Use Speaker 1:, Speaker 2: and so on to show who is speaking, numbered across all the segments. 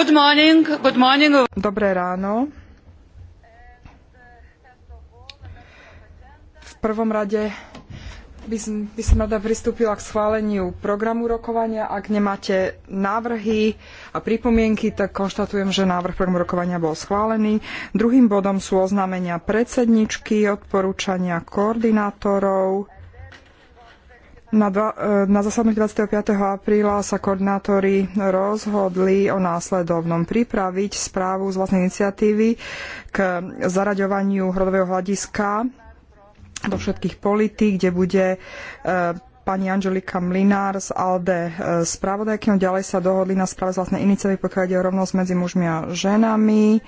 Speaker 1: Good morning, good morning. Dobré ráno. V prvom rade by som, by som rada pristúpila k schváleniu programu rokovania. Ak nemáte návrhy a pripomienky, tak konštatujem, že návrh programu rokovania bol schválený. Druhým bodom sú oznámenia predsedničky, odporúčania koordinátorov na, dva, e, na zasadnutí 25. apríla sa koordinátori rozhodli o následovnom pripraviť správu z vlastnej iniciatívy k zaraďovaniu hrodového hľadiska do všetkých politík, kde bude e, pani Angelika Mlinár z ALDE e, spravodajkým. Ďalej sa dohodli na správe z vlastnej iniciatívy, pokiaľ ide o rovnosť medzi mužmi a ženami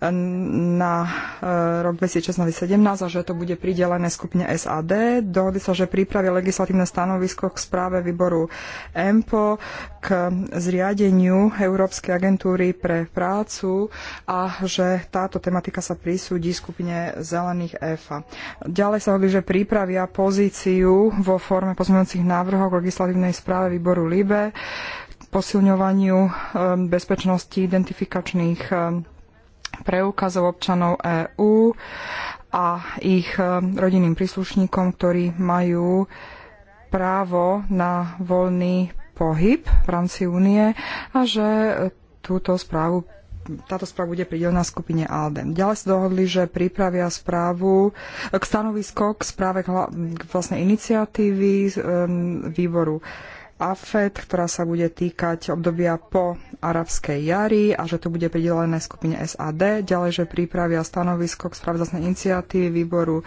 Speaker 1: na eh, rok 2016-2017 a že to bude pridelené skupine SAD. Dohodli sa, že pripravia legislatívne stanovisko k správe výboru EMPO k zriadeniu Európskej agentúry pre prácu a že táto tematika sa prisúdi skupine zelených EFA. Ďalej sa hovorí, že pripravia pozíciu vo forme pozmeňujúcich návrhov k legislatívnej správe výboru LIBE posilňovaniu eh, bezpečnosti identifikačných eh, preukazov občanov EÚ a ich e, rodinným príslušníkom, ktorí majú právo na voľný pohyb v rámci únie a že e, túto správu táto správa bude pridelená skupine ALDEM. Ďalej sa dohodli, že pripravia správu e, k stanovisko k správe k vlastnej iniciatívy výboru AFED, ktorá sa bude týkať obdobia po arabskej jari a že to bude pridelené skupine SAD. Ďalej, že pripravia stanovisko k spravodajstnej iniciatívy výboru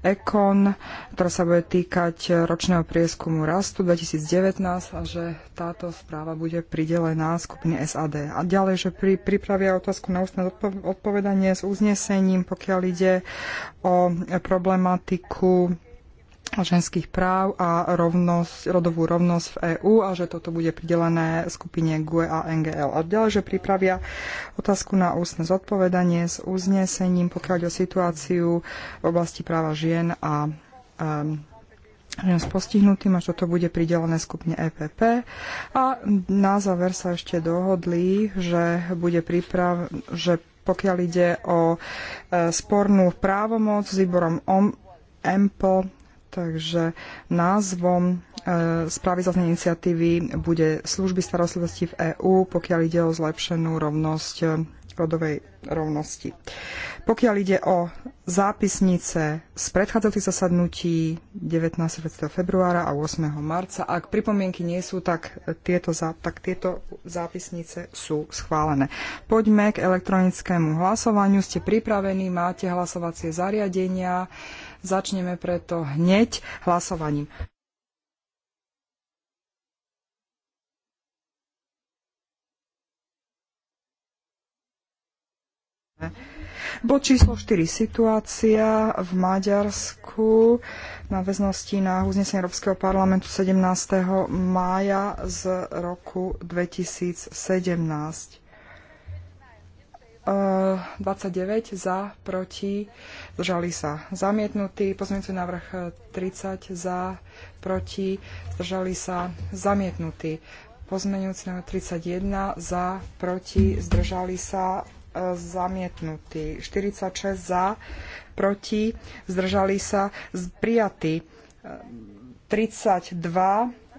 Speaker 1: ECON, ktorá sa bude týkať ročného prieskumu rastu 2019 a že táto správa bude pridelená skupine SAD. A ďalej, že pri, pripravia otázku na ústne odpovedanie s uznesením, pokiaľ ide o problematiku ženských práv a rovnosť, rodovú rovnosť v EÚ a že toto bude pridelené skupine GUE a NGL. A ďalej, že pripravia otázku na ústne zodpovedanie s uznesením, pokiaľ o situáciu v oblasti práva žien a um, žien s postihnutým až toto bude pridelené skupine EPP. A na záver sa ešte dohodli, že bude priprav, že pokiaľ ide o e, spornú právomoc s výborom OM, EMPL, Takže názvom e, správy z iniciatívy bude služby starostlivosti v EÚ, pokiaľ ide o zlepšenú rovnosť e, rodovej rovnosti. Pokiaľ ide o zápisnice z predchádzajúcich zasadnutí 19. februára a 8. marca, ak pripomienky nie sú, tak tieto, tak tieto zápisnice sú schválené. Poďme k elektronickému hlasovaniu. Ste pripravení, máte hlasovacie zariadenia. Začneme preto hneď hlasovaním. Bod číslo 4. Situácia v Maďarsku na väznosti na uznesenie Európskeho parlamentu 17. mája z roku 2017. 29 eh, za, proti, zdržali sa zamietnutí. Pozmeňujúci návrh 30 eh, za, proti, zdržali sa zamietnutí. Pozmeňujúci návrh 31 za, proti, zdržali sa eh, zamietnutí. 46 za, proti, zdržali sa prijatí. 32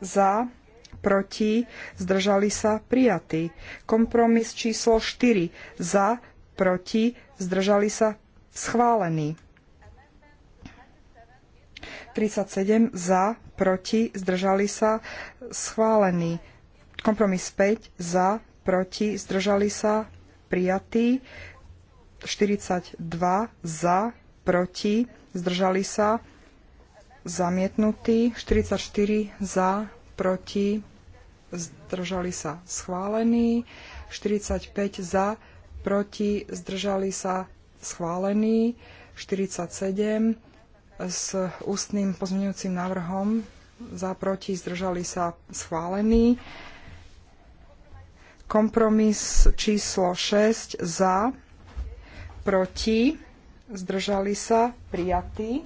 Speaker 1: za, proti, zdržali sa, prijatý. Kompromis číslo 4, za, proti, zdržali sa, schválený. 37 za, proti, zdržali sa, schválený. Kompromis 5 za, proti, zdržali sa, prijatý. 42 za, proti, zdržali sa, zamietnutý. 44 za, proti, zdržali sa schválení, 45 za, proti, zdržali sa schválení, 47 s ústnym pozmeňujúcim návrhom za, proti, zdržali sa schválení, kompromis číslo 6 za, proti, zdržali sa prijatý,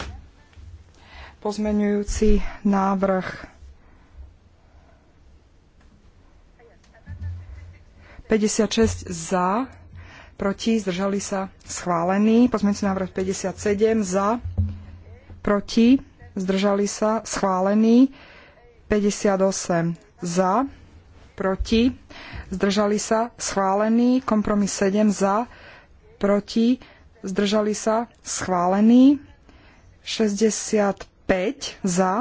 Speaker 1: pozmeňujúci návrh 56 za, proti, zdržali sa schválený. Pozmeňujúci návrh 57 za, proti, zdržali sa schválený. 58 za, proti, zdržali sa schválený. Kompromis 7 za, proti, zdržali sa schválený. 65 za,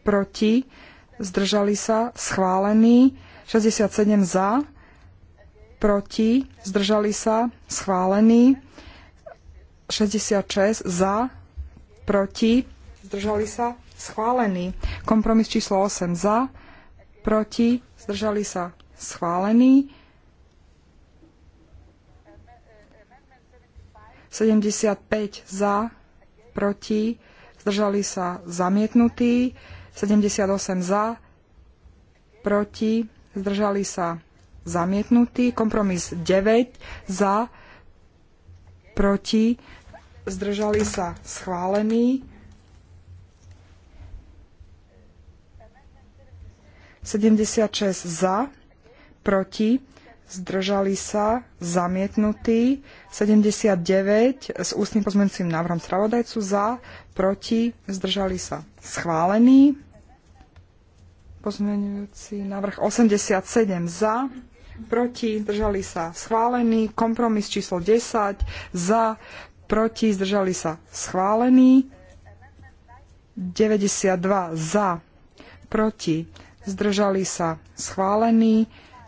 Speaker 1: proti, zdržali sa schválený. 67 za, proti, zdržali sa, schválený. 66 za, proti, zdržali sa, schválený. Kompromis číslo 8 za, proti, zdržali sa, schválený. 75 za, proti, zdržali sa, zamietnutý. 78 za, proti, zdržali sa, zamietnutý. Kompromis 9 za, proti, zdržali sa schválený. 76 za, proti, zdržali sa, zamietnutý. 79 s ústnym pozmeňujúcim návrhom spravodajcu za, proti, zdržali sa, schválený. Pozmeňujúci návrh 87 za, proti, zdržali sa schválený, kompromis číslo 10, za, proti, zdržali sa schválený, 92 za, proti, zdržali sa schválený,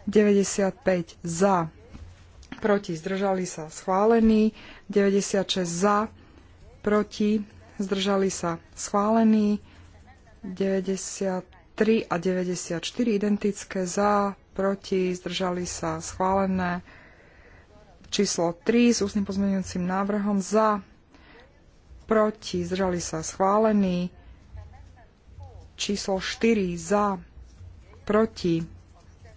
Speaker 1: 95 za, proti, zdržali sa schválený, 96 za, proti, zdržali sa schválený, 93 a 94 identické za, proti, zdržali sa schválené. Číslo 3 s ústnym pozmeňujúcim návrhom za, proti, zdržali sa schválený. Číslo 4 za, proti,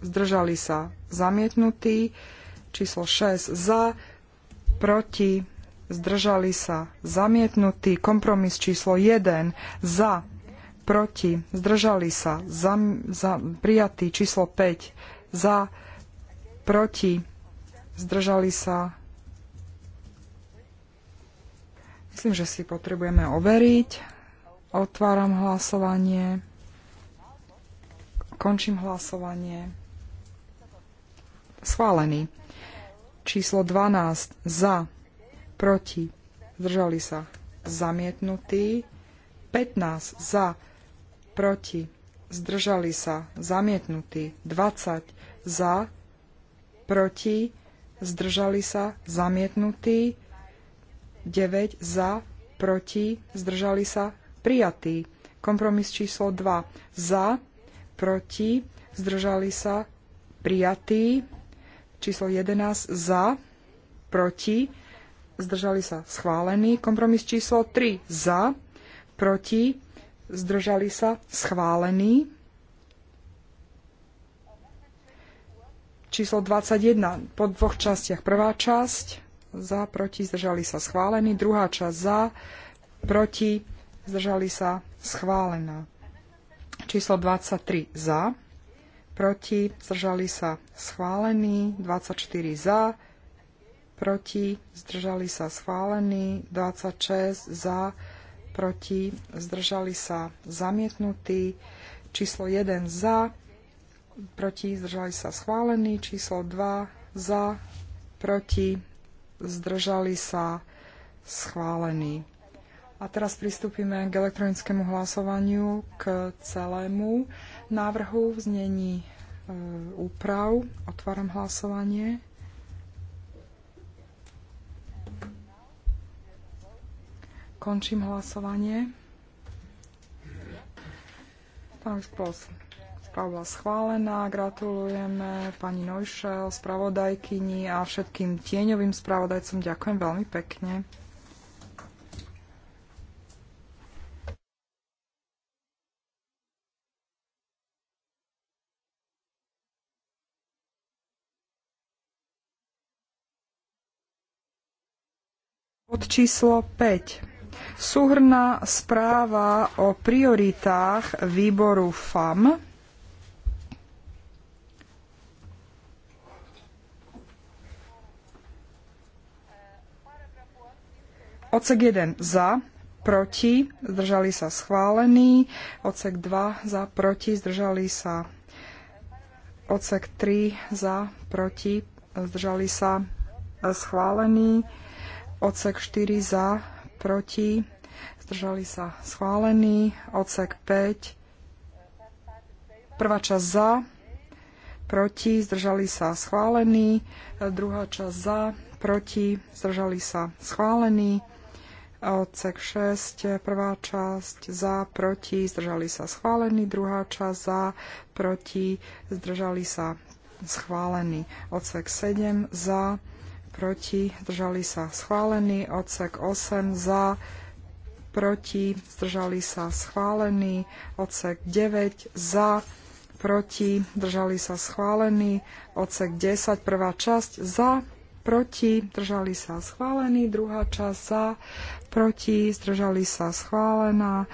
Speaker 1: zdržali sa zamietnutý. Číslo 6 za, proti, zdržali sa zamietnutý. Kompromis číslo 1 za, proti, zdržali sa, za, za, prijatý číslo 5, za, proti, zdržali sa. Myslím, že si potrebujeme overiť. Otváram hlasovanie. Končím hlasovanie. Schválený. Číslo 12 za, proti, zdržali sa, zamietnutý. 15 za, proti, zdržali sa, zamietnutý. 20 za, proti, zdržali sa, zamietnutý. 9 za, proti, zdržali sa, prijatý. Kompromis číslo 2 za, proti, zdržali sa, prijatý. Číslo 11 za, proti, zdržali sa schválený. Kompromis číslo 3 za, proti, zdržali sa, schválený. Číslo 21 po dvoch častiach. Prvá časť za, proti, zdržali sa, schválený. Druhá časť za, proti, zdržali sa, schválená. Číslo 23 za, proti, zdržali sa, schválený. 24 za, proti, zdržali sa, schválený. 26 za, proti, proti, zdržali sa zamietnutí, číslo 1 za, proti, zdržali sa schválení, číslo 2 za, proti, zdržali sa schválení. A teraz pristúpime k elektronickému hlasovaniu k celému návrhu v znení e, úprav. Otváram hlasovanie. Končím hlasovanie. Pán Splos, správa schválená. Gratulujeme pani Nojšel, spravodajkyni a všetkým tieňovým spravodajcom. Ďakujem veľmi pekne. Bod číslo 5. Súhrná správa o prioritách výboru FAM Ocek 1 za, proti, zdržali sa schválený. ocek 2 za, proti, zdržali sa. ocek 3 za, proti, zdržali sa schválený. ocek 4 za, proti, zdržali sa schválení. odsek 5, prvá časť za, proti, zdržali sa schválení. druhá časť za, proti, zdržali sa schválení, odsek 6, prvá časť za, proti, zdržali sa schválený, druhá časť za, proti, zdržali sa schválení. odsek 7 za, proti, zdržali sa schválený, odsek 8 za, proti, zdržali sa schválený, odsek 9 za, proti, zdržali sa schválený, odsek 10, prvá časť za, proti, zdržali sa schválený, druhá časť za, proti, zdržali sa schválená,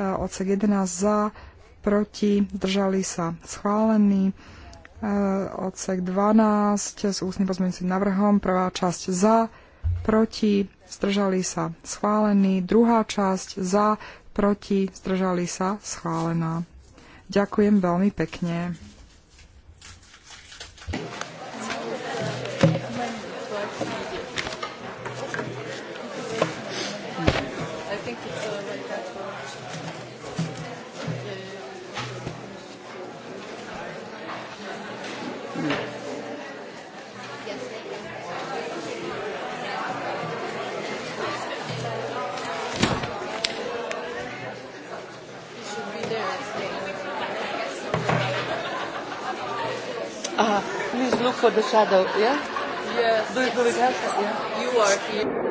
Speaker 1: e, odsek 11 za, proti, zdržali sa schválený, Eh, odsek 12 s ústnym pozmeňujúcim navrhom. Prvá časť za, proti, zdržali sa schválený. Druhá časť za, proti, zdržali sa schválená. Ďakujem veľmi pekne.
Speaker 2: for the shadow, yeah? Yes. Do, yes. do it Yeah. You are here.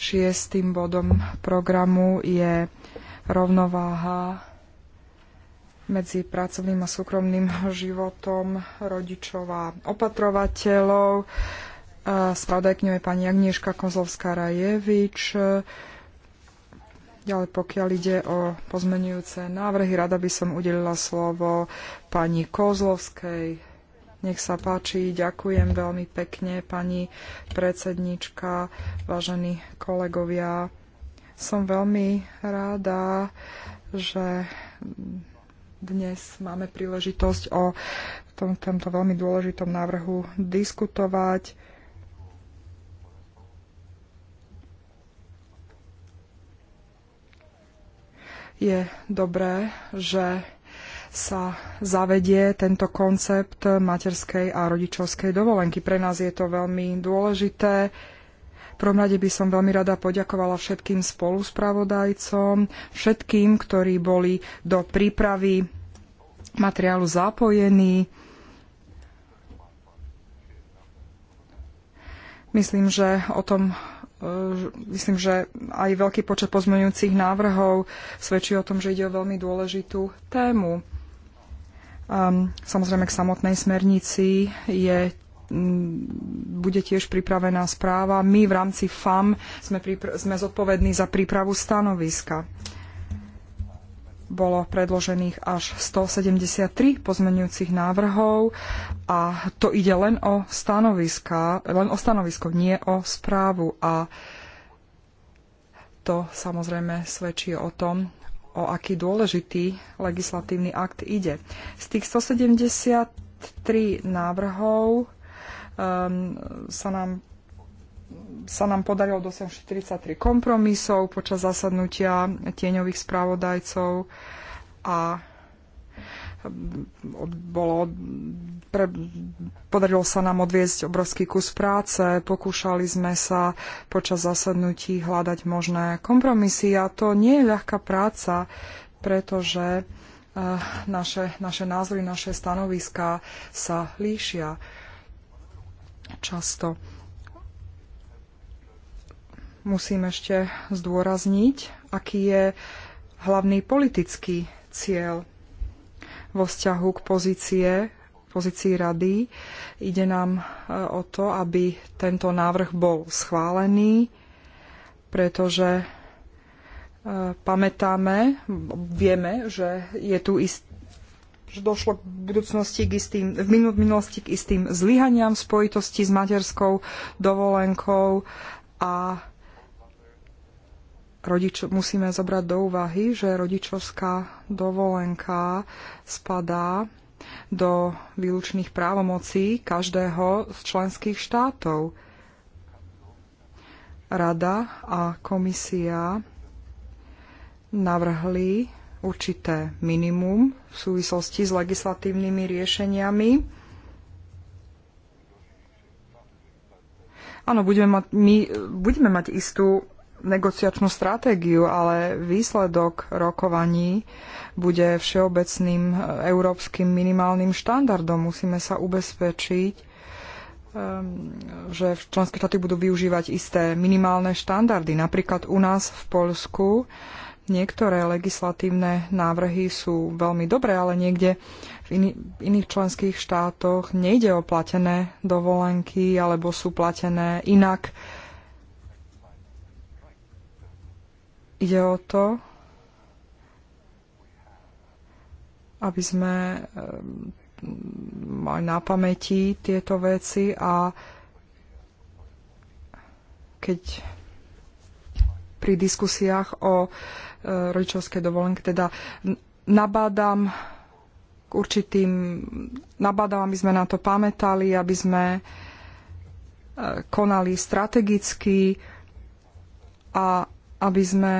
Speaker 1: Šiestým bodom programu je rovnováha medzi pracovným a súkromným životom rodičov a opatrovateľov. Spravodajkňou je pani Agnieška Kozlovská-Rajevič. Ďalej, pokiaľ ide o pozmenujúce návrhy, rada by som udelila slovo pani Kozlovskej nech sa páči, ďakujem veľmi pekne, pani predsednička, vážení kolegovia. Som veľmi ráda, že dnes máme príležitosť o tom, tomto veľmi dôležitom návrhu diskutovať. Je dobré, že sa zavedie tento koncept materskej a rodičovskej dovolenky. Pre nás je to veľmi dôležité. V prvom rade by som veľmi rada poďakovala všetkým spoluspravodajcom, všetkým, ktorí boli do prípravy materiálu zapojení. Myslím, že o tom e, myslím, že aj veľký počet pozmeňujúcich návrhov svedčí o tom, že ide o veľmi dôležitú tému. Um, samozrejme k samotnej smernici je bude tiež pripravená správa. My v rámci FAM sme, sme zodpovední za prípravu stanoviska. Bolo predložených až 173 pozmenujúcich návrhov a to ide len o stanoviska, len o stanovisko, nie o správu. A to samozrejme svedčí o tom, o aký dôležitý legislatívny akt ide. Z tých 173 návrhov um, sa nám sa nám podarilo dosiahnuť 43 kompromisov počas zasadnutia tieňových správodajcov a bolo, pre, podarilo sa nám odviesť obrovský kus práce, pokúšali sme sa počas zasadnutí hľadať možné kompromisy a to nie je ľahká práca, pretože eh, naše, naše názory, naše stanoviská sa líšia často. Musím ešte zdôrazniť, aký je hlavný politický cieľ vo vzťahu k pozície pozícii rady. Ide nám e, o to, aby tento návrh bol schválený, pretože e, pamätáme, vieme, že je tu ist, že došlo v budúcnosti k istým, v minulosti k istým zlyhaniam v spojitosti s materskou dovolenkou a rodič, musíme zobrať do úvahy, že rodičovská dovolenka spadá do výlučných právomocí každého z členských štátov. Rada a komisia navrhli určité minimum v súvislosti s legislatívnymi riešeniami. Áno, budeme mať, my budeme mať istú negociačnú stratégiu, ale výsledok rokovaní bude všeobecným e, európskym minimálnym štandardom. Musíme sa ubezpečiť, e, že členské štáty budú využívať isté minimálne štandardy. Napríklad u nás v Poľsku niektoré legislatívne návrhy sú veľmi dobré, ale niekde v iných členských štátoch nejde o platené dovolenky alebo sú platené inak Ide o to, aby sme ehm, mali na pamäti tieto veci a keď pri diskusiách o e, rodičovskej dovolenke, teda nabádam k určitým, nabádam, aby sme na to pamätali, aby sme e, konali strategicky a aby sme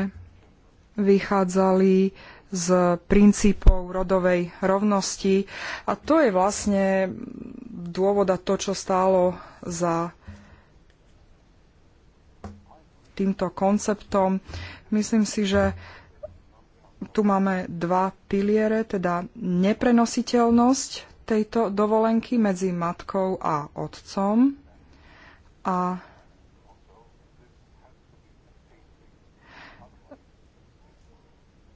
Speaker 1: vychádzali z princípov rodovej rovnosti. A to je vlastne dôvod a to, čo stálo za týmto konceptom. Myslím si, že tu máme dva piliere, teda neprenositeľnosť tejto dovolenky medzi matkou a otcom a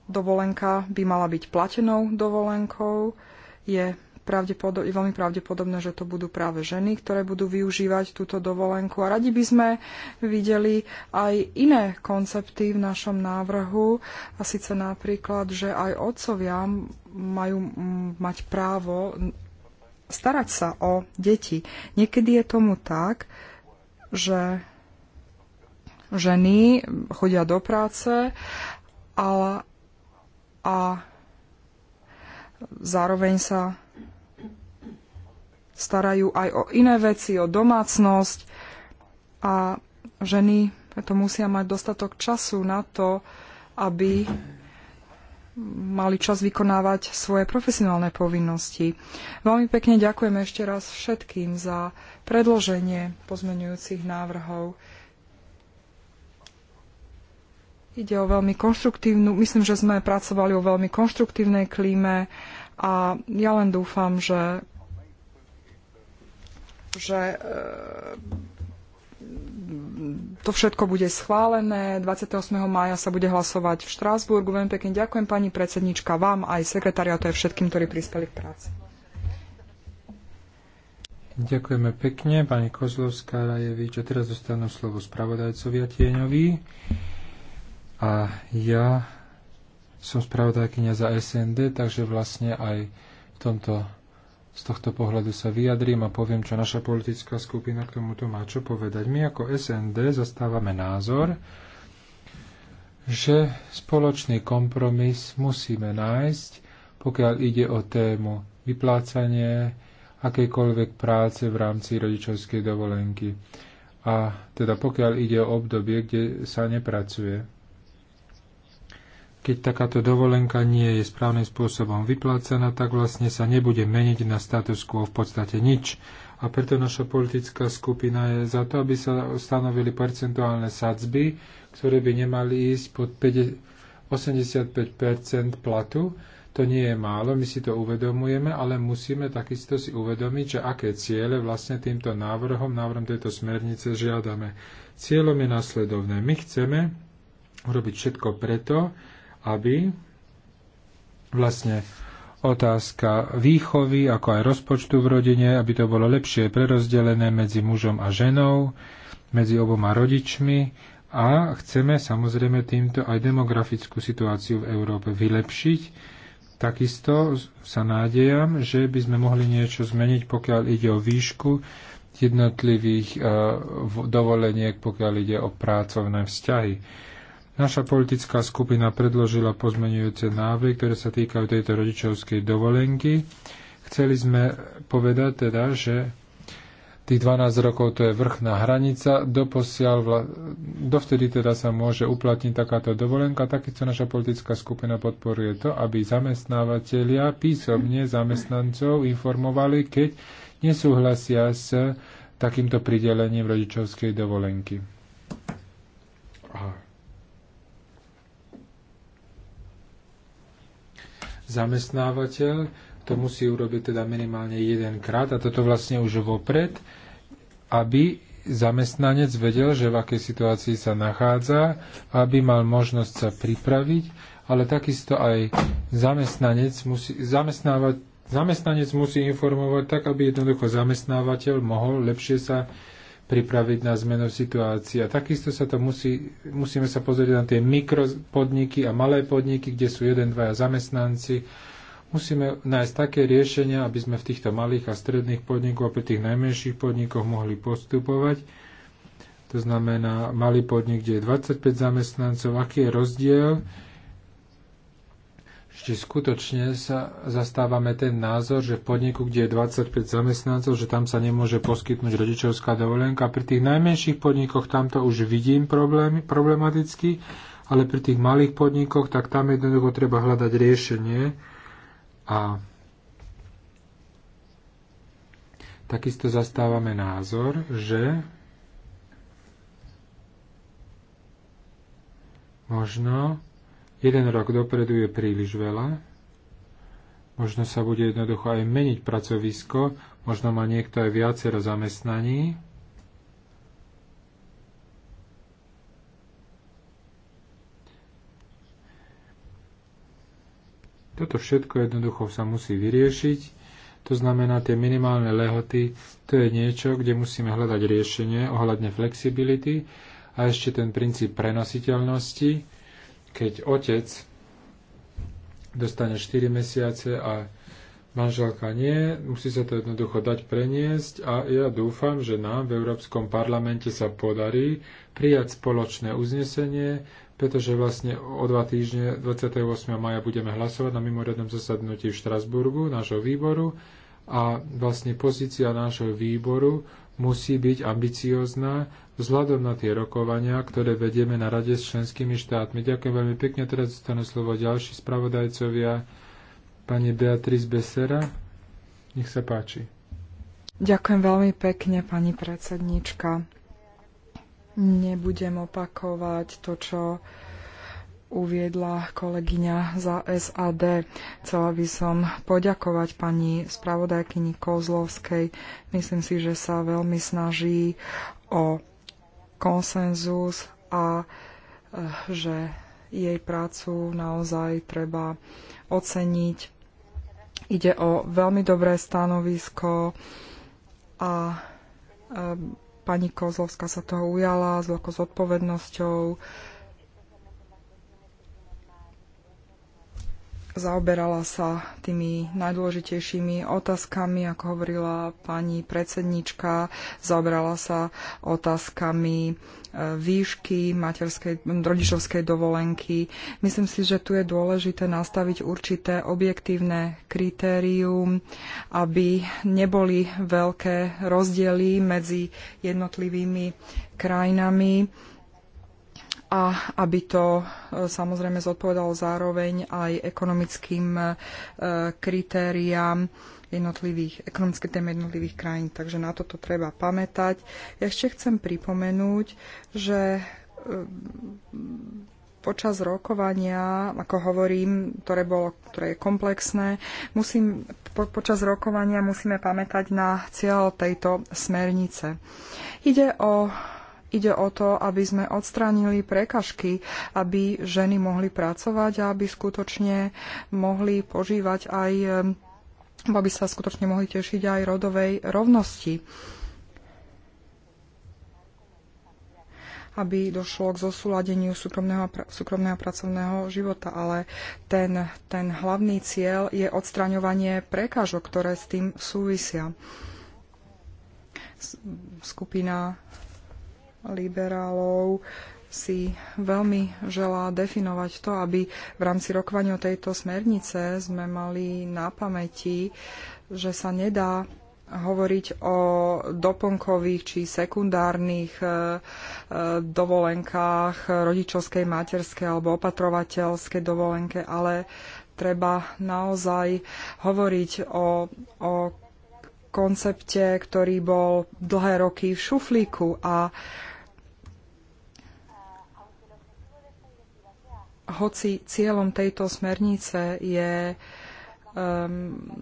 Speaker 1: dovolenka by mala byť platenou dovolenkou. Je, pravdepodobne, je veľmi pravdepodobné, že to budú práve ženy, ktoré budú využívať túto dovolenku. A radi by sme videli aj iné koncepty v našom návrhu, a síce napríklad, že aj otcovia majú mať právo starať sa o deti. Niekedy je tomu tak, že ženy chodia do práce, ale a zároveň sa starajú aj o iné veci, o domácnosť a ženy preto musia mať dostatok času na to, aby mali čas vykonávať svoje profesionálne povinnosti. Veľmi pekne ďakujem ešte raz všetkým za predloženie pozmenujúcich návrhov. Ide o veľmi konštruktívnu, myslím, že sme pracovali o veľmi konštruktívnej klíme a ja len dúfam, že, že e, to všetko bude schválené. 28. mája sa bude hlasovať v Štrásburgu. Veľmi pekne ďakujem pani predsednička, vám aj sekretariatu, aj všetkým, ktorí prispeli k práci.
Speaker 3: Ďakujeme pekne, pani Kozlovská Rajevič. A teraz dostanú slovo spravodajcovia Tieňovi. A ja som spravodajkynia za SND, takže vlastne aj v tomto, z tohto pohľadu sa vyjadrím a poviem, čo naša politická skupina k tomuto má čo povedať. My ako SND zastávame názor, že spoločný kompromis musíme nájsť, pokiaľ ide o tému vyplácanie akejkoľvek práce v rámci rodičovskej dovolenky. A teda pokiaľ ide o obdobie, kde sa nepracuje keď takáto dovolenka nie je správnym spôsobom vyplácaná, tak vlastne sa nebude meniť na status quo v podstate nič. A preto naša politická skupina je za to, aby sa stanovili percentuálne sadzby, ktoré by nemali ísť pod 85 platu. To nie je málo, my si to uvedomujeme, ale musíme takisto si uvedomiť, že aké ciele vlastne týmto návrhom, návrhom tejto smernice žiadame. Cieľom je nasledovné. My chceme urobiť všetko preto, aby vlastne otázka výchovy, ako aj rozpočtu v rodine, aby to bolo lepšie prerozdelené medzi mužom a ženou, medzi oboma rodičmi a chceme samozrejme týmto aj demografickú situáciu v Európe vylepšiť. Takisto sa nádejam, že by sme mohli niečo zmeniť, pokiaľ ide o výšku jednotlivých eh, dovoleniek, pokiaľ ide o pracovné vzťahy Naša politická skupina predložila pozmenujúce návy, ktoré sa týkajú tejto rodičovskej dovolenky. Chceli sme povedať teda, že tých 12 rokov to je vrchná hranica, doposiaľ, vla dovtedy teda sa môže uplatniť takáto dovolenka, takisto naša politická skupina podporuje to, aby zamestnávateľia písomne zamestnancov informovali, keď nesúhlasia s takýmto pridelením rodičovskej dovolenky. Aha zamestnávateľ, to musí urobiť teda minimálne jedenkrát a toto vlastne už vopred, aby zamestnanec vedel, že v akej situácii sa nachádza, aby mal možnosť sa pripraviť, ale takisto aj zamestnanec musí, zamestnávať, zamestnanec musí informovať tak, aby jednoducho zamestnávateľ mohol lepšie sa pripraviť na zmenu situácie. A takisto sa to musí, musíme sa pozrieť na tie mikropodniky a malé podniky, kde sú jeden, dvaja zamestnanci. Musíme nájsť také riešenia, aby sme v týchto malých a stredných podnikoch a pri tých najmenších podnikoch mohli postupovať. To znamená malý podnik, kde je 25 zamestnancov, aký je rozdiel že skutočne sa zastávame ten názor, že v podniku, kde je 25 zamestnancov, že tam sa nemôže poskytnúť rodičovská dovolenka. Pri tých najmenších podnikoch tamto už vidím problémy, problematicky, ale pri tých malých podnikoch, tak tam jednoducho treba hľadať riešenie. A takisto zastávame názor, že možno Jeden rok dopredu je príliš veľa. Možno sa bude jednoducho aj meniť pracovisko, možno má niekto aj viacero zamestnaní. Toto všetko jednoducho sa musí vyriešiť. To znamená, tie minimálne lehoty, to je niečo, kde musíme hľadať riešenie ohľadne flexibility a ešte ten princíp prenositeľnosti keď otec dostane 4 mesiace a manželka nie, musí sa to jednoducho dať preniesť a ja dúfam, že nám v Európskom parlamente sa podarí prijať spoločné uznesenie, pretože vlastne o dva týždne 28. maja budeme hlasovať na mimoriadnom zasadnutí v Štrasburgu nášho výboru a vlastne pozícia nášho výboru musí byť ambiciozná vzhľadom na tie rokovania, ktoré vedieme na rade s členskými štátmi. Ďakujem veľmi pekne. Teraz dostanú slovo ďalší spravodajcovia. Pani Beatriz Besera, nech sa páči.
Speaker 1: Ďakujem veľmi pekne, pani predsednička. Nebudem opakovať to, čo uviedla kolegyňa za SAD. Chcela by som poďakovať pani spravodajkyni Kozlovskej. Myslím si, že sa veľmi snaží o konsenzus a eh, že jej prácu naozaj treba oceniť. Ide o veľmi dobré stanovisko a eh, pani Kozlovská sa toho ujala s veľkou zodpovednosťou zaoberala sa tými najdôležitejšími otázkami, ako hovorila pani predsednička, zaoberala sa otázkami e, výšky materskej, rodičovskej dovolenky. Myslím si, že tu je dôležité nastaviť určité objektívne kritérium, aby neboli veľké rozdiely medzi jednotlivými krajinami a aby to e, samozrejme zodpovedalo zároveň aj ekonomickým e, kritériám jednotlivých, ekonomické témy jednotlivých krajín. Takže na toto treba pamätať. Ja ešte chcem pripomenúť, že e, počas rokovania, ako hovorím, ktoré, bolo, ktoré je komplexné, musím, po, počas rokovania musíme pamätať na cieľ tejto smernice. Ide o Ide o to, aby sme odstránili prekažky, aby ženy mohli pracovať a aby skutočne mohli požívať aj ehm, aby sa skutočne mohli tešiť aj rodovej rovnosti. aby došlo k zosúladeniu súkromného, súkromného pracovného života. Ale ten, ten hlavný cieľ je odstraňovanie prekážok, ktoré s tým súvisia. Skupina liberálov si veľmi želá definovať to, aby v rámci rokovania o tejto smernice sme mali na pamäti, že sa nedá hovoriť o doplnkových či sekundárnych e, e, dovolenkách, rodičovskej, materskej alebo opatrovateľskej dovolenke, ale treba naozaj hovoriť o, o koncepte, ktorý bol dlhé roky v šuflíku a hoci cieľom tejto smernice je um,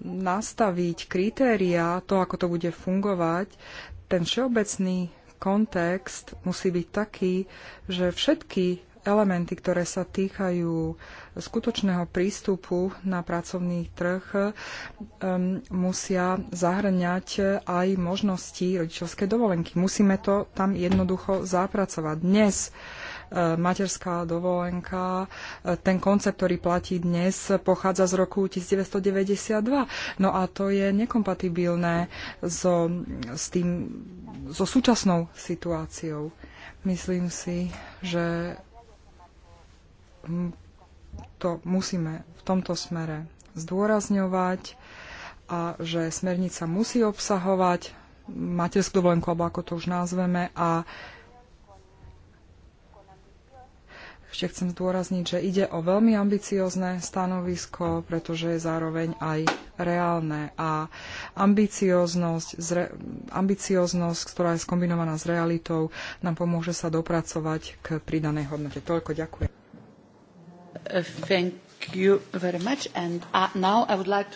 Speaker 1: nastaviť kritéria, to, ako to bude fungovať, ten všeobecný kontext musí byť taký, že všetky elementy, ktoré sa týkajú skutočného prístupu na pracovný trh, um, musia zahrňať aj možnosti rodičovskej dovolenky. Musíme to tam jednoducho zapracovať. Dnes uh, materská dovolenka, ten koncept, ktorý platí dnes, pochádza z roku 1992. No a to je nekompatibilné so, s tým, so súčasnou situáciou. Myslím si, že to musíme v tomto smere zdôrazňovať a že smernica musí obsahovať materskú dovolenku, alebo ako to už nazveme, a Ešte chcem zdôrazniť, že ide o veľmi ambiciózne stanovisko, pretože je zároveň aj reálne. A ambicióznosť, zre, ktorá je skombinovaná s realitou, nám pomôže sa dopracovať k pridanej hodnote. Toľko ďakujem.
Speaker 2: Like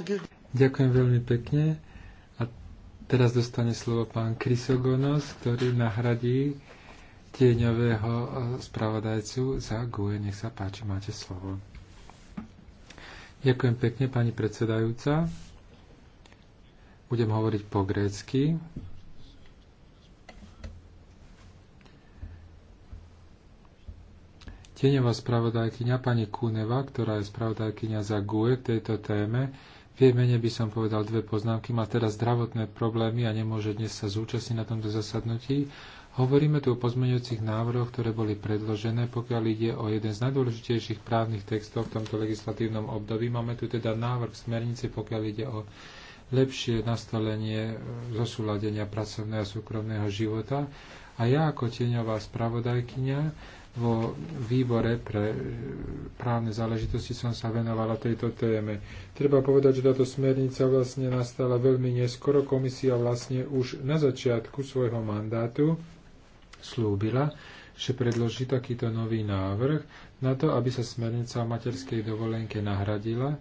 Speaker 1: give...
Speaker 3: Ďakujem veľmi pekne. A teraz dostane slovo pán Krysogonos, ktorý nahradí tieňového e, spravodajcu za GUE. Nech sa páči, máte slovo. Ďakujem pekne, pani predsedajúca. Budem hovoriť po grécky. Tieňová spravodajkyňa pani Kuneva, ktorá je spravodajkyňa za GUE k tejto téme, v jej mene by som povedal dve poznámky. Má teraz zdravotné problémy a nemôže dnes sa zúčastniť na tomto zasadnutí. Hovoríme tu o pozmeňujúcich návrhoch, ktoré boli predložené, pokiaľ ide o jeden z najdôležitejších právnych textov v tomto legislatívnom období. Máme tu teda návrh smernice, pokiaľ ide o lepšie nastolenie e, zosúladenia pracovného a súkromného života. A ja ako tieňová spravodajkynia vo výbore pre e, právne záležitosti som sa venovala tejto téme. Treba povedať, že táto smernica vlastne nastala veľmi neskoro. Komisia vlastne už na začiatku svojho mandátu slúbila, že predloží takýto nový návrh na to, aby sa smernica o materskej dovolenke nahradila.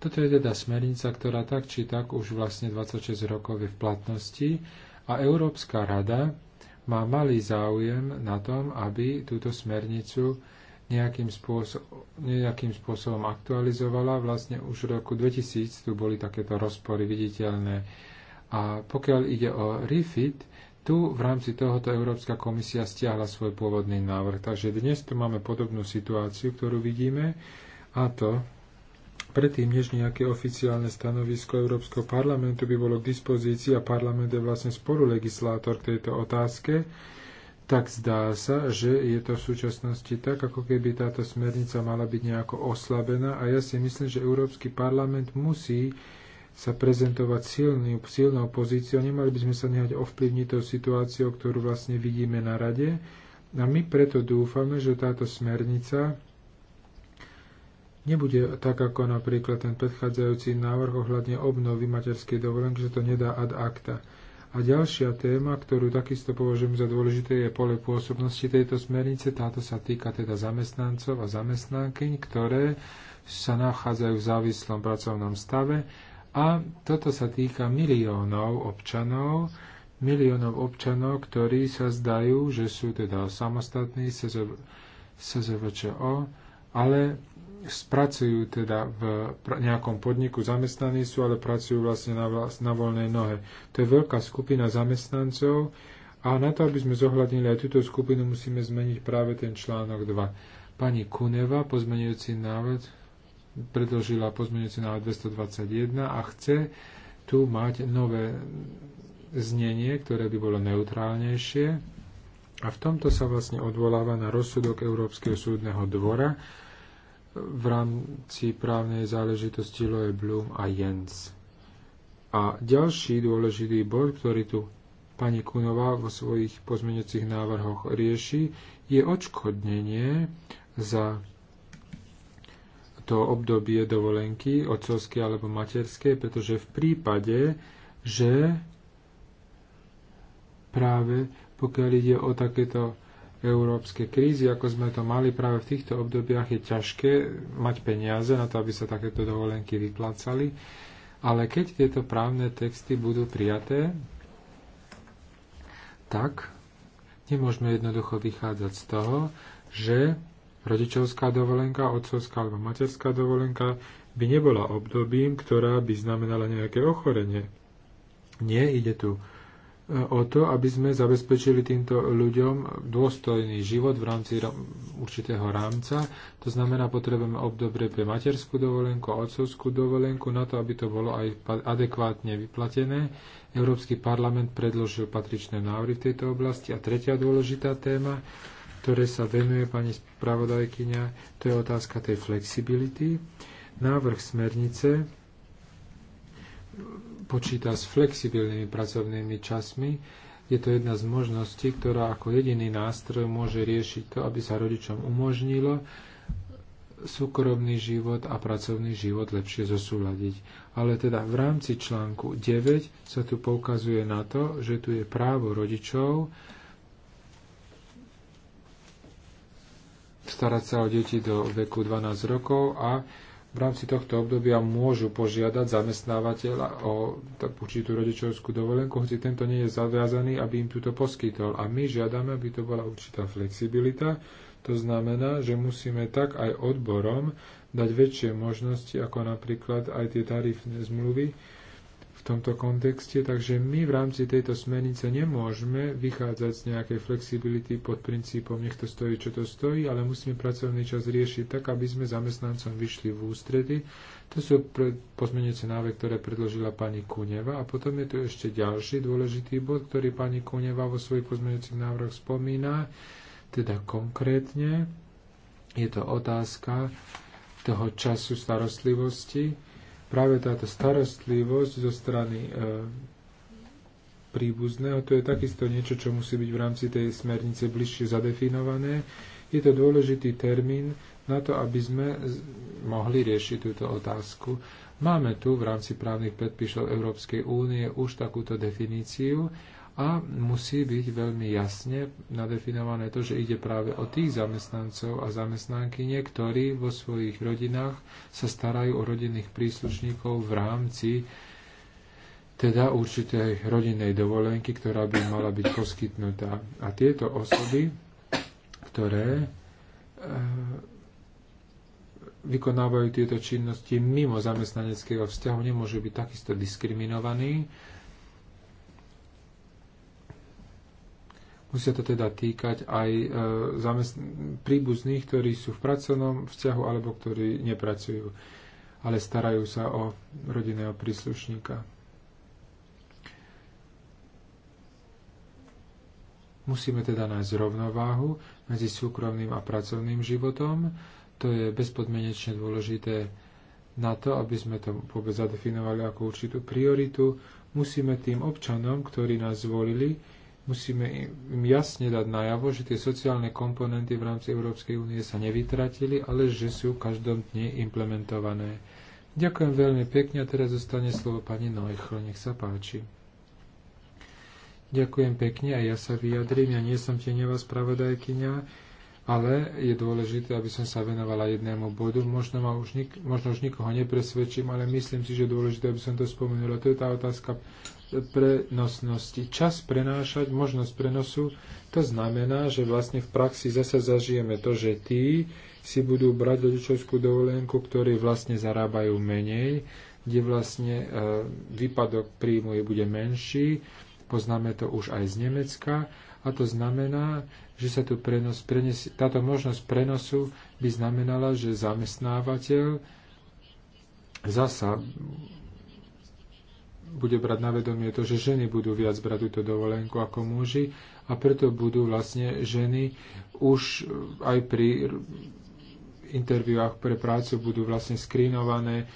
Speaker 3: Toto je teda smernica, ktorá tak či tak už vlastne 26 rokov je v platnosti a Európska rada má malý záujem na tom, aby túto smernicu nejakým, spôsob, nejakým spôsobom aktualizovala. Vlastne už v roku 2000 tu boli takéto rozpory viditeľné. A pokiaľ ide o refit, tu v rámci tohoto Európska komisia stiahla svoj pôvodný návrh. Takže dnes tu máme podobnú situáciu, ktorú vidíme, a to predtým, než nejaké oficiálne stanovisko Európskeho parlamentu by bolo k dispozícii a parlament je vlastne spolulegislátor k tejto otázke, tak zdá sa, že je to v súčasnosti tak, ako keby táto smernica mala byť nejako oslabená a ja si myslím, že Európsky parlament musí sa prezentovať silný, silnou pozíciou, nemali by sme sa nehať ovplyvniť tou situáciou, ktorú vlastne vidíme na rade. A my preto dúfame, že táto smernica nebude tak ako napríklad ten predchádzajúci návrh ohľadne obnovy materskej dovolenky, že to nedá ad acta. A ďalšia téma, ktorú takisto považujem za dôležité, je pole pôsobnosti tejto smernice. Táto sa týka teda zamestnancov a zamestnankyň, ktoré sa nachádzajú v závislom pracovnom stave a toto sa týka miliónov občanov, miliónov občanov, ktorí sa zdajú, že sú teda samostatní SZVČO, ale spracujú teda v nejakom podniku, zamestnaní sú, ale pracujú vlastne na, vlast, na voľnej nohe. To je veľká skupina zamestnancov a na to, aby sme zohľadnili aj túto skupinu, musíme zmeniť práve ten článok 2. Pani Kuneva, pozmenujúci návod predložila pozmeňujúci návrh 221 a chce tu mať nové znenie, ktoré by bolo neutrálnejšie. A v tomto sa vlastne odvoláva na rozsudok Európskeho súdneho dvora v rámci právnej záležitosti Loe Blum a Jens. A ďalší dôležitý bod, ktorý tu pani Kunová vo svojich pozmeňujúcich návrhoch rieši, je odškodnenie za to obdobie dovolenky, otcovskej alebo materskej, pretože v prípade, že práve pokiaľ ide o takéto európske krízy, ako sme to mali práve v týchto obdobiach, je ťažké mať peniaze na to, aby sa takéto dovolenky vyplácali. Ale keď tieto právne texty budú prijaté, tak nemôžeme jednoducho vychádzať z toho, že Rodičovská dovolenka, otcovská alebo materská dovolenka by nebola obdobím, ktorá by znamenala nejaké ochorenie. Nie, ide tu e, o to, aby sme zabezpečili týmto ľuďom dôstojný život v rámci určitého rámca. To znamená, potrebujeme obdobie pre materskú dovolenku, otcovskú dovolenku, na to, aby to bolo aj adekvátne vyplatené. Európsky parlament predložil patričné návry v tejto oblasti. A tretia dôležitá téma, ktoré sa venuje pani spravodajkyňa, to je otázka tej flexibility. Návrh smernice počíta s flexibilnými pracovnými časmi. Je to jedna z možností, ktorá ako jediný nástroj môže riešiť to, aby sa rodičom umožnilo súkromný život a pracovný život lepšie zosúľadiť. Ale teda v rámci článku 9 sa tu poukazuje na to, že tu je právo rodičov starať sa o deti do veku 12 rokov a v rámci tohto obdobia môžu požiadať zamestnávateľa o tak určitú rodičovskú dovolenku, hoci tento nie je zaviazaný, aby im túto poskytol. A my žiadame, aby to bola určitá flexibilita. To znamená, že musíme tak aj odborom dať väčšie možnosti, ako napríklad aj tie tarifné zmluvy, v tomto kontexte, takže my v rámci tejto smernice nemôžeme vychádzať z nejakej flexibility pod princípom nech to stojí, čo to stojí, ale musíme pracovný čas riešiť tak, aby sme zamestnancom vyšli v ústredy. To sú pozmenujúce návrhy, ktoré predložila pani Kuneva. A potom je tu ešte ďalší dôležitý bod, ktorý pani Kuneva vo svojich pozmenujúcich návrhoch spomína, teda konkrétne je to otázka toho času starostlivosti, práve táto starostlivosť zo strany e, príbuzného, to je takisto niečo, čo musí byť v rámci tej smernice bližšie zadefinované. Je to dôležitý termín na to, aby sme mohli riešiť túto otázku. Máme tu v rámci právnych predpisov Európskej únie už takúto definíciu a musí byť veľmi jasne nadefinované to, že ide práve o tých zamestnancov a zamestnanky, ktorí vo svojich rodinách sa starajú o rodinných príslušníkov v rámci teda určitej rodinnej dovolenky, ktorá by mala byť poskytnutá. A tieto osoby, ktoré e, vykonávajú tieto činnosti mimo zamestnaneckého vzťahu, nemôžu byť takisto diskriminovaní, Musia to teda týkať aj e, príbuzných, ktorí sú v pracovnom vzťahu alebo ktorí nepracujú, ale starajú sa o rodinného príslušníka. Musíme teda nájsť rovnováhu medzi súkromným a pracovným životom. To je bezpodmenečne dôležité na to, aby sme to vôbec zadefinovali ako určitú prioritu. Musíme tým občanom, ktorí nás zvolili, Musíme im jasne dať najavo, že tie sociálne komponenty v rámci Európskej únie sa nevytratili, ale že sú v každom dne implementované. Ďakujem veľmi pekne a teraz zostane slovo pani Neuchl. Nech sa páči. Ďakujem pekne a ja sa vyjadrím. Ja nie som tieňová spravodajkyňa ale je dôležité, aby som sa venovala jednému bodu. Možno, ma už, nik- možno už nikoho nepresvedčím, ale myslím si, že je dôležité, aby som to spomenula. To je tá otázka prenosnosti. Čas prenášať, možnosť prenosu, to znamená, že vlastne v praxi zase zažijeme to, že tí si budú brať rodičovskú dovolenku, ktorí vlastne zarábajú menej, kde vlastne e, výpadok príjmu je bude menší. Poznáme to už aj z Nemecka a to znamená, že sa tu prenos, prenes, táto možnosť prenosu by znamenala, že zamestnávateľ zasa bude brať na vedomie to, že ženy budú viac brať túto dovolenku ako muži a preto budú vlastne ženy už aj pri interviách pre prácu budú vlastne skrinované,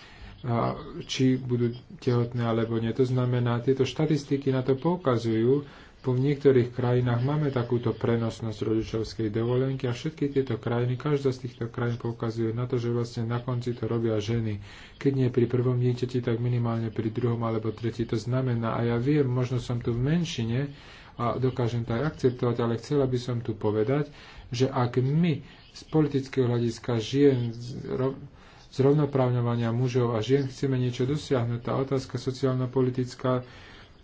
Speaker 3: či budú tehotné alebo nie. To znamená, tieto štatistiky na to poukazujú, v niektorých krajinách máme takúto prenosnosť rodičovskej dovolenky a všetky tieto krajiny, každá z týchto krajín poukazuje na to, že vlastne na konci to robia ženy. Keď nie pri prvom dieťati, tak minimálne pri druhom alebo tretí. To znamená, a ja viem, možno som tu v menšine a dokážem to aj akceptovať, ale chcela by som tu povedať, že ak my z politického hľadiska žien zrovnoprávňovania mužov a žien chceme niečo dosiahnuť, tá otázka sociálno-politická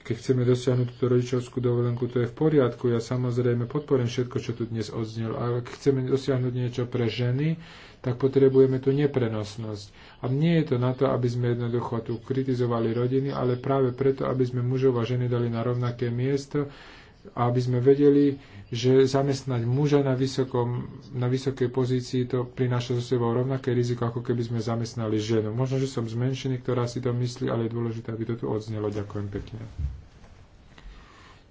Speaker 3: keď chceme dosiahnuť túto rodičovskú dovolenku, to je v poriadku. Ja samozrejme podporím všetko, čo tu dnes odznel. Ale ak chceme dosiahnuť niečo pre ženy, tak potrebujeme tú neprenosnosť. A nie je to na to, aby sme jednoducho tu kritizovali rodiny, ale práve preto, aby sme mužov a ženy dali na rovnaké miesto, a aby sme vedeli, že zamestnať muža na, vysokom, na vysokej pozícii to prináša so sebou rovnaké riziko, ako keby sme zamestnali ženu. Možno, že som z menšiny, ktorá si to myslí, ale je dôležité, aby to tu odznelo. Ďakujem pekne.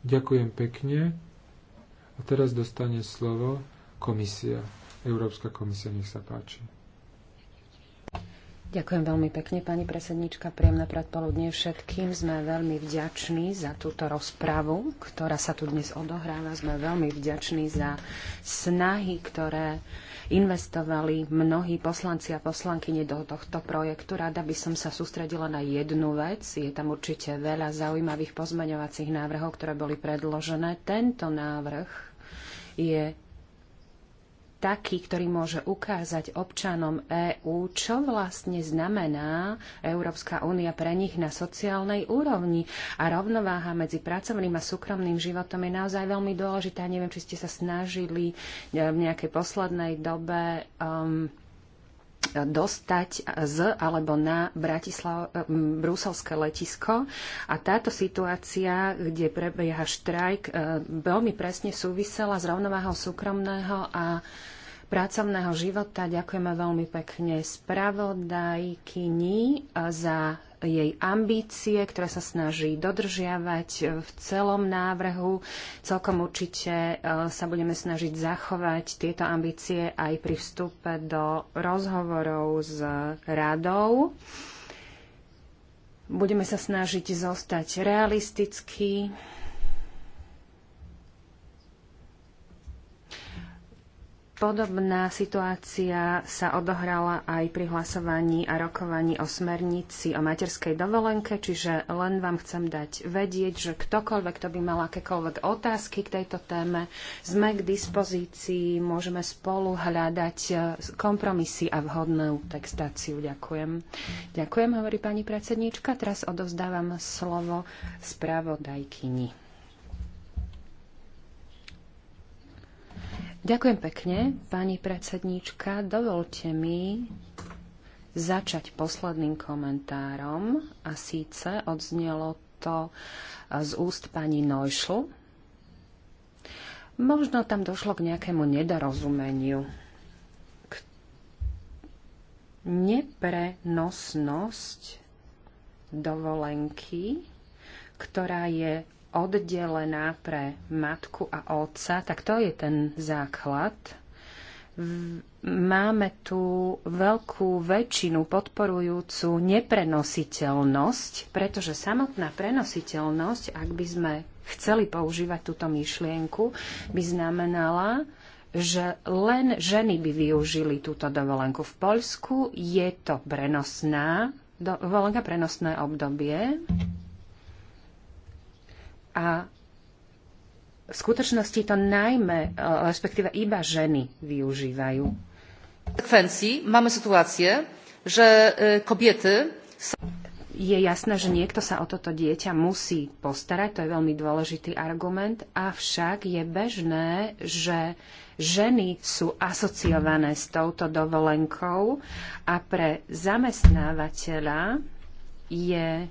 Speaker 3: Ďakujem pekne. A teraz dostane slovo komisia. Európska komisia, nech sa páči.
Speaker 2: Ďakujem veľmi pekne, pani predsednička. Príjemné predpoludne všetkým. Sme veľmi vďační za túto rozpravu, ktorá sa tu dnes odohráva. Sme veľmi vďační za snahy, ktoré investovali mnohí poslanci a poslankyne do tohto projektu. Rada by som sa sústredila na jednu vec. Je tam určite veľa zaujímavých pozmeňovacích návrhov, ktoré boli predložené. Tento návrh je taký, ktorý môže ukázať občanom EÚ, čo vlastne znamená Európska únia pre nich na sociálnej úrovni. A rovnováha medzi pracovným a súkromným životom je naozaj veľmi dôležitá. Neviem, či ste sa snažili eh, v nejakej poslednej dobe um, dostať z alebo na Bratislav, bruselské letisko. A táto situácia, kde prebieha štrajk, e, veľmi presne súvisela s rovnováhou súkromného a pracovného života. Ďakujeme veľmi pekne spravodajkyni eh, za jej ambície, ktoré sa snaží dodržiavať eh, v celom návrhu. Celkom určite eh, sa budeme snažiť zachovať tieto ambície aj pri vstupe do rozhovorov s radou. Budeme sa snažiť zostať realistickí Podobná situácia sa odohrala aj pri hlasovaní a rokovaní o smernici o materskej dovolenke, čiže len vám chcem dať vedieť, že ktokoľvek, kto by mal akékoľvek otázky k tejto téme, sme k dispozícii, môžeme spolu hľadať e, kompromisy a vhodnú textáciu. Ďakujem. Ďakujem, hovorí pani predsedníčka. Teraz odovzdávam slovo spravodajkyni. Ďakujem pekne, pani predsedníčka. Dovolte mi začať posledným komentárom a síce odznelo to z úst pani Neuschl. Možno tam došlo k nejakému nedorozumeniu. K neprenosnosť dovolenky, ktorá je oddelená pre matku a otca, tak to je ten základ. Máme tu veľkú väčšinu podporujúcu neprenositeľnosť, pretože samotná prenositeľnosť, ak by sme chceli používať túto myšlienku, by znamenala, že len ženy by využili túto dovolenku. V Poľsku je to prenosná dovolenka, prenosné obdobie. A v skutočnosti to najmä, e, respektíve iba ženy využívajú. V sekvencii máme situácie, že kobiety je jasné, že niekto sa o toto dieťa musí postarať, to je veľmi dôležitý argument, avšak je bežné, že ženy sú asociované s touto dovolenkou a pre zamestnávateľa je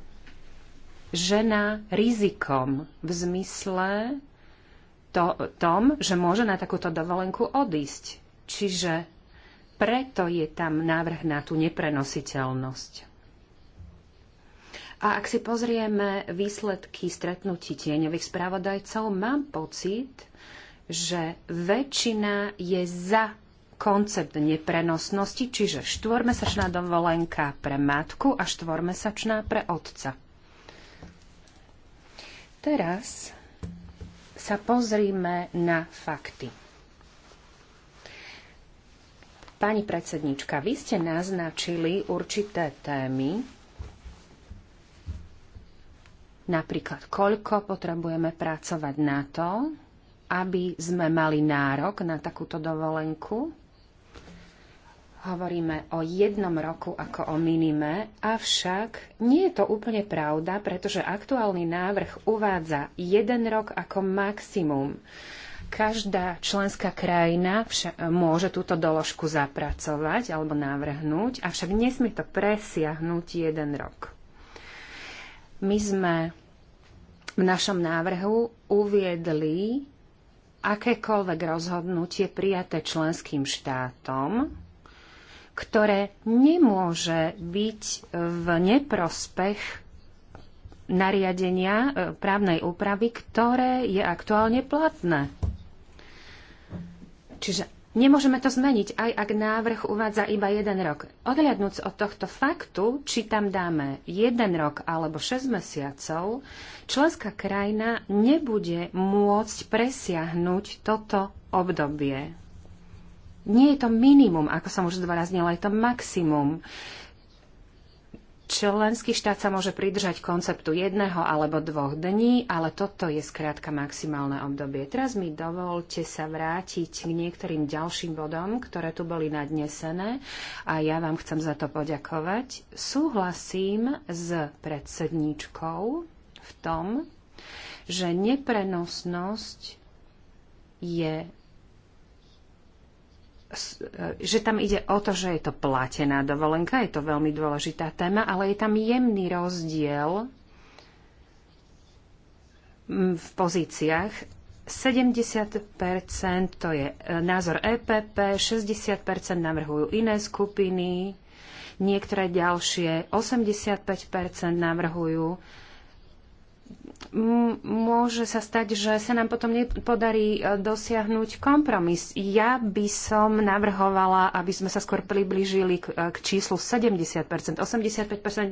Speaker 2: žena rizikom v zmysle to, tom, že môže na takúto dovolenku odísť. Čiže preto je tam návrh na tú neprenositeľnosť. A ak si pozrieme výsledky stretnutí tieňových správodajcov, mám pocit, že väčšina je za koncept neprenosnosti, čiže štvormesačná dovolenka pre matku a štvormesačná pre otca. Teraz sa pozrime na fakty. Pani predsednička, vy ste naznačili určité témy, napríklad koľko potrebujeme pracovať na to, aby sme mali nárok na takúto dovolenku. Hovoríme o jednom roku ako o minime, avšak nie je to úplne pravda, pretože aktuálny návrh uvádza jeden rok ako maximum. Každá členská krajina môže túto doložku zapracovať alebo navrhnúť, avšak nesmie to presiahnuť jeden rok. My sme v našom návrhu uviedli akékoľvek rozhodnutie prijaté členským štátom, ktoré nemôže byť v neprospech nariadenia e, právnej úpravy, ktoré je aktuálne platné. Čiže nemôžeme to zmeniť, aj ak návrh uvádza iba jeden rok. Odhľadnúc od tohto faktu, či tam dáme jeden rok alebo 6 mesiacov, členská krajina nebude môcť presiahnuť toto obdobie nie je to minimum, ako som už zdôraznila, je to maximum. Členský štát sa môže pridržať konceptu jedného alebo dvoch dní, ale toto je skrátka maximálne obdobie. Teraz mi dovolte sa vrátiť k niektorým ďalším bodom, ktoré tu boli nadnesené a ja vám chcem za to poďakovať. Súhlasím s predsedníčkou v tom, že neprenosnosť je E, že tam ide o to, že je to platená dovolenka, je to veľmi dôležitá téma, ale je tam jemný rozdiel v pozíciách. 70% to je e, názor EPP, 60% navrhujú iné skupiny, niektoré ďalšie 85% navrhujú môže sa stať, že sa nám potom nepodarí e, dosiahnuť kompromis. Ja by som navrhovala, aby sme sa skôr priblížili k, e, k číslu 70%. 85%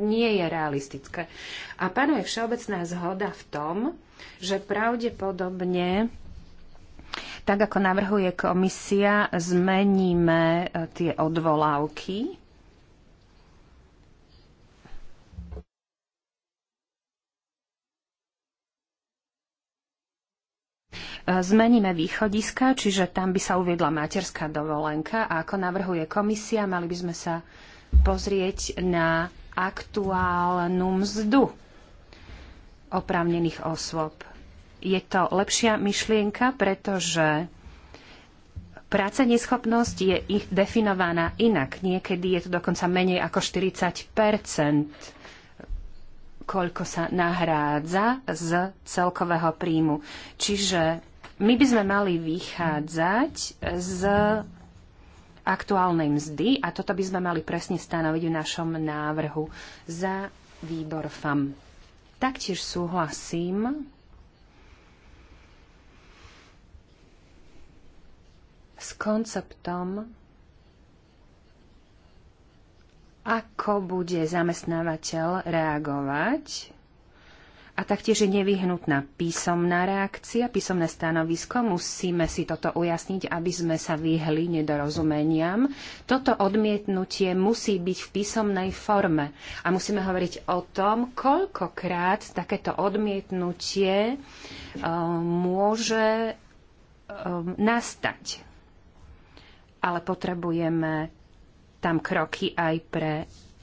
Speaker 2: nie je realistické. A panuje všeobecná zhoda v tom, že pravdepodobne tak ako navrhuje komisia, zmeníme e, tie odvolávky zmeníme východiska, čiže tam by sa uviedla materská dovolenka a ako navrhuje komisia, mali by sme sa pozrieť na aktuálnu mzdu oprávnených osôb. Je to lepšia myšlienka, pretože práca neschopnosť je ich definovaná inak. Niekedy je to dokonca menej ako 40 koľko sa nahrádza z celkového príjmu. Čiže my by sme mali vychádzať z aktuálnej mzdy a toto by sme mali presne stanoviť v našom návrhu za výbor FAM. Taktiež súhlasím s konceptom, ako bude zamestnávateľ reagovať a taktiež je nevyhnutná písomná reakcia, písomné stanovisko. Musíme si toto ujasniť, aby sme sa vyhli nedorozumeniam. Toto odmietnutie musí byť v písomnej forme. A musíme hovoriť o tom, koľkokrát takéto odmietnutie e, môže e, nastať. Ale potrebujeme tam kroky aj pre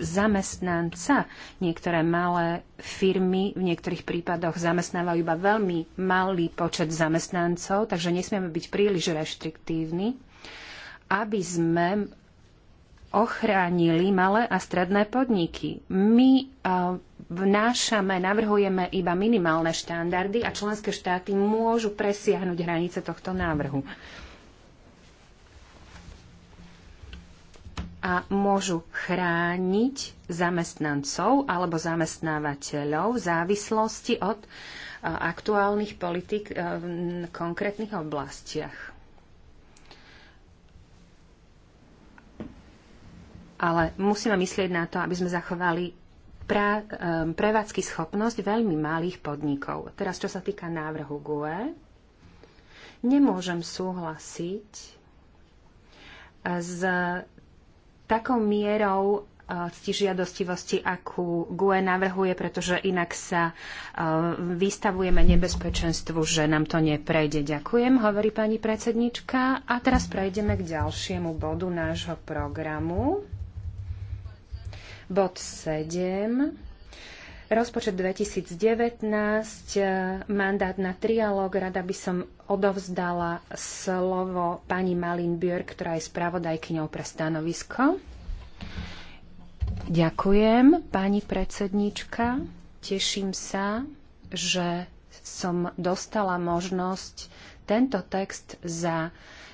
Speaker 2: zamestnanca. Niektoré malé firmy v niektorých prípadoch zamestnávajú iba veľmi malý počet zamestnancov, takže nesmieme byť príliš reštriktívni, aby sme ochránili malé a stredné podniky. My eh, vnášame, navrhujeme iba minimálne štandardy a členské štáty môžu presiahnuť hranice tohto návrhu. a môžu chrániť zamestnancov alebo zamestnávateľov v závislosti od e, aktuálnych politik e, v konkrétnych oblastiach. Ale musíme myslieť na to, aby sme zachovali pra, e, prevádzky schopnosť veľmi malých podnikov. Teraz, čo sa týka návrhu GUE, nemôžem súhlasiť s takou mierou e, ctižiadostivosti, akú GUE navrhuje, pretože inak sa e, vystavujeme nebezpečenstvu, že nám to neprejde. Ďakujem, hovorí pani predsednička. A teraz prejdeme k ďalšiemu bodu nášho programu. Bod 7 Rozpočet 2019, e, mandát na trialóg, rada by som odovzdala slovo pani Malin Björk, ktorá je spravodajkyňou pre stanovisko. Ďakujem, pani predsednička. Teším sa, že som dostala možnosť tento text za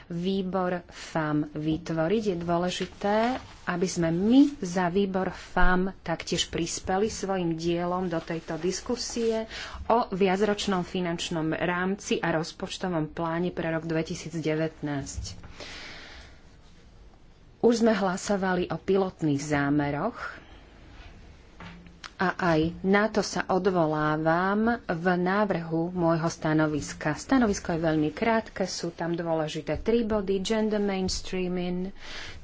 Speaker 2: výbor FAM vytvoriť. Je dôležité, aby sme my za výbor FAM taktiež prispeli svojim dielom do tejto diskusie o viacročnom finančnom rámci a rozpočtovom pláne pre rok 2019. Už sme hlasovali o pilotných zámeroch a aj na to sa odvolávam v návrhu môjho stanoviska. Stanovisko je veľmi krátke, sú tam dôležité tri body, gender mainstreaming,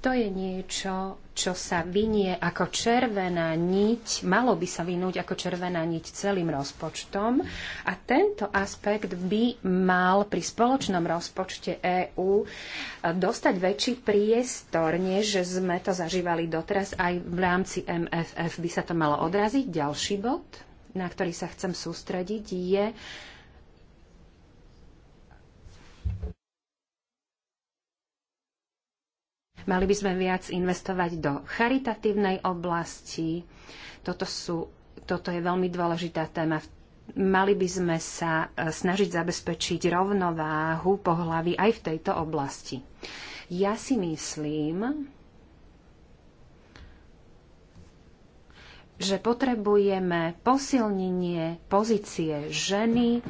Speaker 2: to je niečo, čo sa vynie ako červená niť, malo by sa vynúť ako červená niť celým rozpočtom a tento aspekt by mal pri spoločnom rozpočte EÚ e, dostať väčší priestor, než sme to zažívali doteraz. Aj v rámci MFF by sa to malo odraziť. Ďalší bod, na ktorý sa chcem sústrediť, je Mali by sme viac investovať do charitatívnej oblasti. Toto, sú, toto je veľmi dôležitá téma mali by sme sa e, snažiť zabezpečiť rovnováhu pohlavy aj v tejto oblasti. Ja si myslím, že potrebujeme posilnenie pozície ženy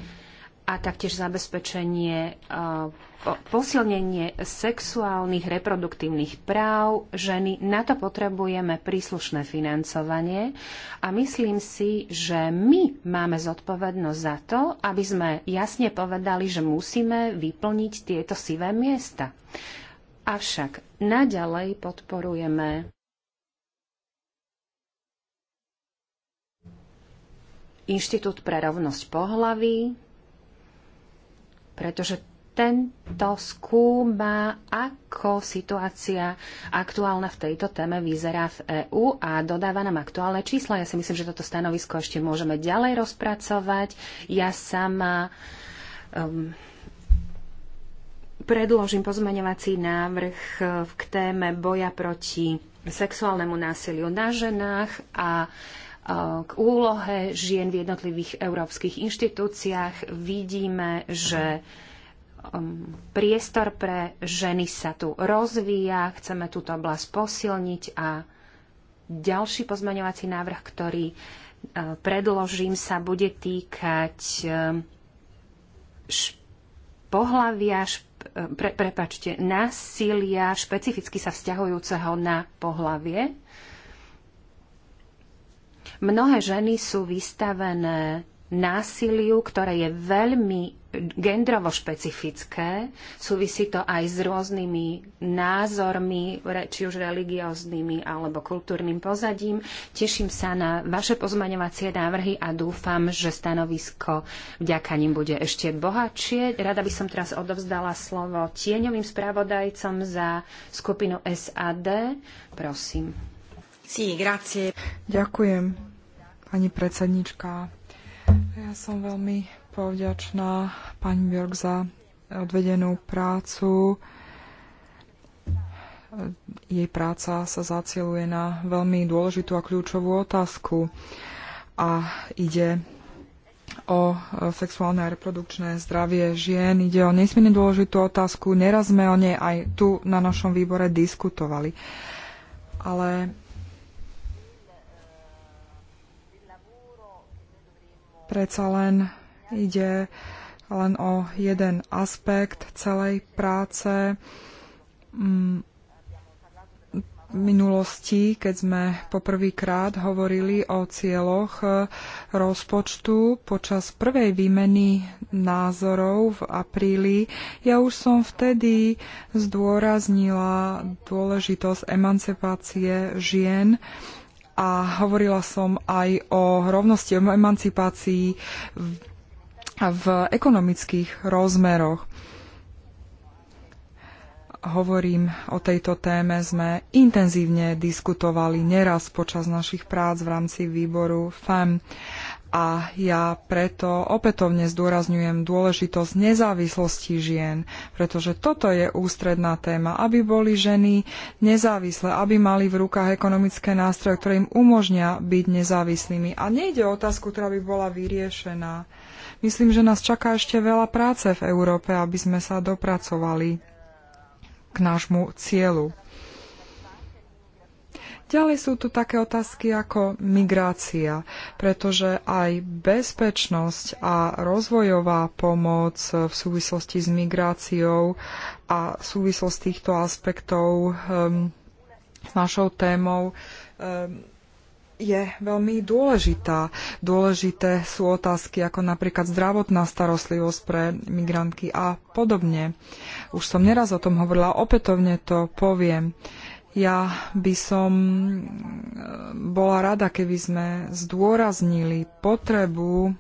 Speaker 2: a taktiež zabezpečenie, e, posilnenie sexuálnych reproduktívnych práv ženy. Na to potrebujeme príslušné financovanie a myslím si, že my máme zodpovednosť za to, aby sme jasne povedali, že musíme vyplniť tieto sivé miesta. Avšak naďalej podporujeme Inštitút pre rovnosť pohlaví, pretože tento skúma, ako situácia aktuálna v tejto téme vyzerá v EÚ a dodáva nám aktuálne čísla. Ja si myslím, že toto stanovisko ešte môžeme ďalej rozpracovať. Ja sama um, predložím pozmeňovací návrh uh, k téme boja proti sexuálnemu násiliu na ženách a uh, k úlohe žien v jednotlivých európskych inštitúciách. Vidíme, že um, priestor pre ženy sa tu rozvíja, chceme túto oblasť posilniť a ďalší pozmeňovací návrh, ktorý uh, predložím, sa bude týkať um, pohlavia, pre, prepačte, násilia špecificky sa vzťahujúceho na pohlavie Mnohé ženy sú vystavené násiliu, ktoré je veľmi gendrovo špecifické. Súvisí to aj s rôznymi názormi, či už religióznymi alebo kultúrnym pozadím. Teším sa na vaše pozmaňovacie návrhy a dúfam, že stanovisko vďaka nim bude ešte bohatšie. Rada by som teraz odovzdala slovo tieňovým spravodajcom za skupinu SAD. Prosím. Sí, grazie.
Speaker 1: Ďakujem pani predsednička. Ja som veľmi povďačná pani Björk za odvedenú prácu. Jej práca sa zacieluje na veľmi dôležitú a kľúčovú otázku a ide o sexuálne a reprodukčné zdravie žien. Ide o nesmierne dôležitú otázku. Neraz sme o nej aj tu na našom výbore diskutovali. Ale predsa len ide len o jeden aspekt celej práce. V mm, minulosti, keď sme poprvýkrát hovorili o cieľoch e, rozpočtu počas prvej výmeny názorov v apríli, ja už som vtedy zdôraznila dôležitosť emancipácie žien a hovorila som aj o rovnosti, o emancipácii v, v ekonomických rozmeroch. Hovorím o tejto téme, sme intenzívne diskutovali neraz počas našich prác v rámci výboru FEM a ja preto opätovne zdôrazňujem dôležitosť nezávislosti žien, pretože toto je ústredná téma, aby boli ženy nezávislé, aby mali v rukách ekonomické nástroje, ktoré im umožnia byť nezávislými. A nejde o otázku, ktorá by bola vyriešená. Myslím, že nás čaká ešte veľa práce v Európe, aby sme sa dopracovali k nášmu cieľu. Ďalej sú tu také otázky ako migrácia, pretože aj bezpečnosť a rozvojová pomoc v súvislosti s migráciou a súvislosť týchto aspektov um, s našou témou um, je veľmi dôležitá. Dôležité sú otázky ako napríklad zdravotná starostlivosť pre migrantky a podobne. Už som neraz o tom hovorila, opätovne to poviem. Ja by som eh, bola rada, keby sme zdôraznili potrebu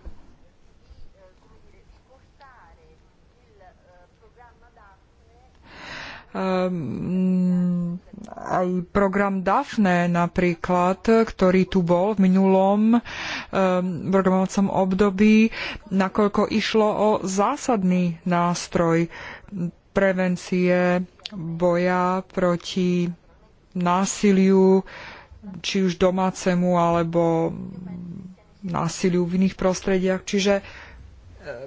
Speaker 1: eh, aj program DAFNE napríklad, ktorý tu bol v minulom eh, programovacom období, nakoľko išlo o zásadný nástroj prevencie boja proti násiliu, či už domácemu, alebo násiliu v iných prostrediach. Čiže e,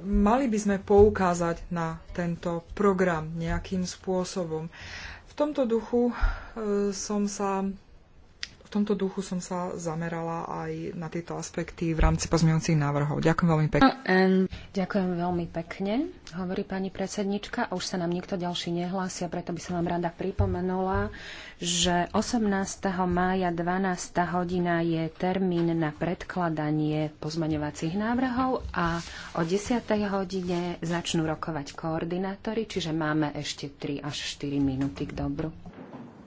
Speaker 1: mali by sme poukázať na tento program nejakým spôsobom. V tomto duchu e, som sa v tomto duchu som sa zamerala aj na tieto aspekty v rámci pozmeňujúcich návrhov. Ďakujem veľmi pekne.
Speaker 2: Ďakujem veľmi pekne, hovorí pani predsednička. Už sa nám nikto ďalší nehlásia, preto by som vám rada pripomenula, že 18. mája 12. hodina je termín na predkladanie pozmeňovacích návrhov a o 10. hodine začnú rokovať koordinátory, čiže máme ešte 3 až 4 minúty k dobru.